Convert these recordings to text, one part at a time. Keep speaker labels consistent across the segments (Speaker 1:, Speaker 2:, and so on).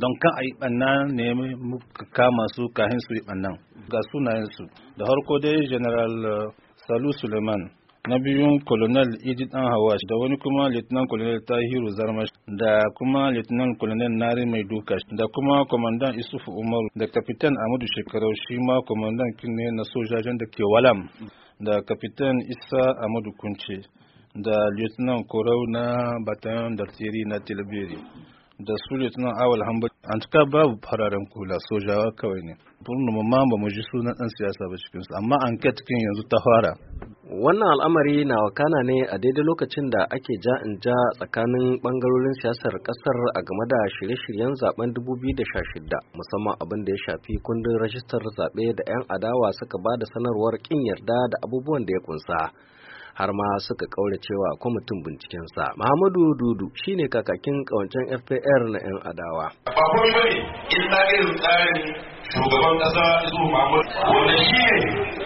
Speaker 1: don kan a yi ɓanna ne muka kama su kahin su yi ɓannan ga sunayensu da harko dai general uh, salu suleiman na biyun colonel idi dan hawash da wani kuma lieutenant colonel tahiru zarmash da kuma lieutenant colonel nari mai duka da kuma komandan isufu umaru da kapitan amadu shekarau shi ma komandan kinne na sojajen da ke walam da kapitan isa amadu kunce da lieutenant korau na bataillon d'artillerie na tilbiri da su tunan Awal Hamba an cika babu fararen kula sojawa kawai ne. Turnu ma ba mu ji sunan dan siyasa ba
Speaker 2: cikinsu amma an kai cikin yanzu ta fara. Wannan al'amari na wakana ne a daidai lokacin da ake ja in ja tsakanin bangarorin siyasar kasar a game da shirye-shiryen zaben 2016 musamman abin da ya shafi kundin rajistar zaɓe da 'yan adawa suka ba da sanarwar kin yarda da abubuwan da ya kunsa. har ma suka kaura cewa kwamitin bincikensa Muhammadu Dudu shine kakakin kawancen FPR na 'yan adawa. Ba
Speaker 1: komai bane in tsarin tsarin shugaban kasa Isu Muhammad wanda shi ne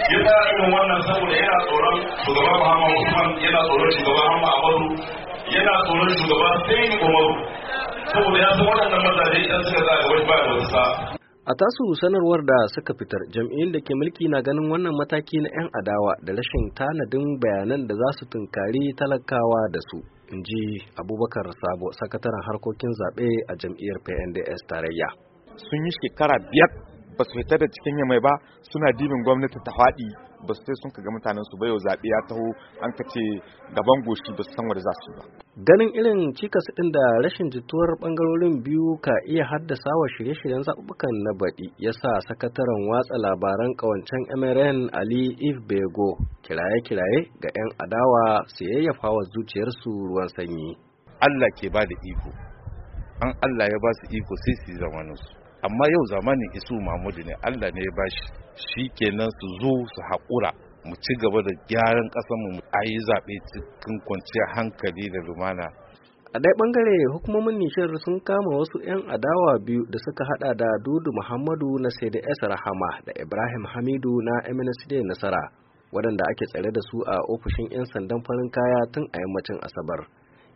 Speaker 1: ya tsara irin wannan saboda yana tsoron shugaban muhammadu Usman yana tsoron shugaban Muhammadu yana tsoron shugaban Sayyid Umaru saboda ya san waɗannan mazaje idan suka zaga wani ba da wasa
Speaker 2: A tasu sanarwar da suka fitar jam'iyyun da ke mulki na ganin wannan mataki na 'yan adawa da rashin tanadin bayanan da za su tunkari talakawa da su, in ji Abubakar Sabo, sakataren harkokin zaɓe a jam'iyyar PNDS tarayya.
Speaker 1: Sun yi shekara
Speaker 2: biyar ba su fita da cikin yamai ba suna dibin gwamnati
Speaker 1: ta faɗi ba su sai sun kaga mutanen su bayo zaɓe ya taho an ka ce gaban goshi ba su san
Speaker 2: wanda za su ba. Ganin irin cikas ɗin da rashin jituwar bangarorin biyu ka iya haddasa wa shirye-shiryen zaɓuɓɓukan na baɗi ya sa sakataren watsa labaran ƙawancen MRN Ali Bego kiraye-kiraye ga 'yan adawa su yayyafa wa zuciyarsu ruwan sanyi. Allah ke ba da iko, an Allah ya ba su iko sai
Speaker 1: su yi zamaninsu. amma yau zamanin isu mahmudu ne allah ne ba bashi shi kenan su zo su haƙura mu ci gaba da gyaran mu a yi zaɓe cikin kwanciyar
Speaker 2: hankali da lumana a ɗaya ɓangare hukumomin nishar sun kama wasu 'yan adawa biyu da suka hada da dudu muhammadu na cds rahama da ibrahim hamidu na mnsd nasara waɗanda ake tsare da su a ofishin 'yan sandan farin kaya tun a yammacin asabar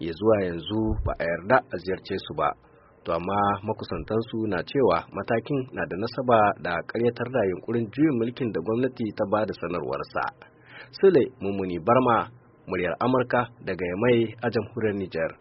Speaker 2: ya zuwa yanzu ba a yarda a ziyarce su ba to amma makusantansu na cewa matakin na da nasaba da karyatar da yunkurin juyin mulkin da gwamnati ta ba da sanarwarsa sule mummuni barma muryar amurka daga yamai a jamhuriyar niger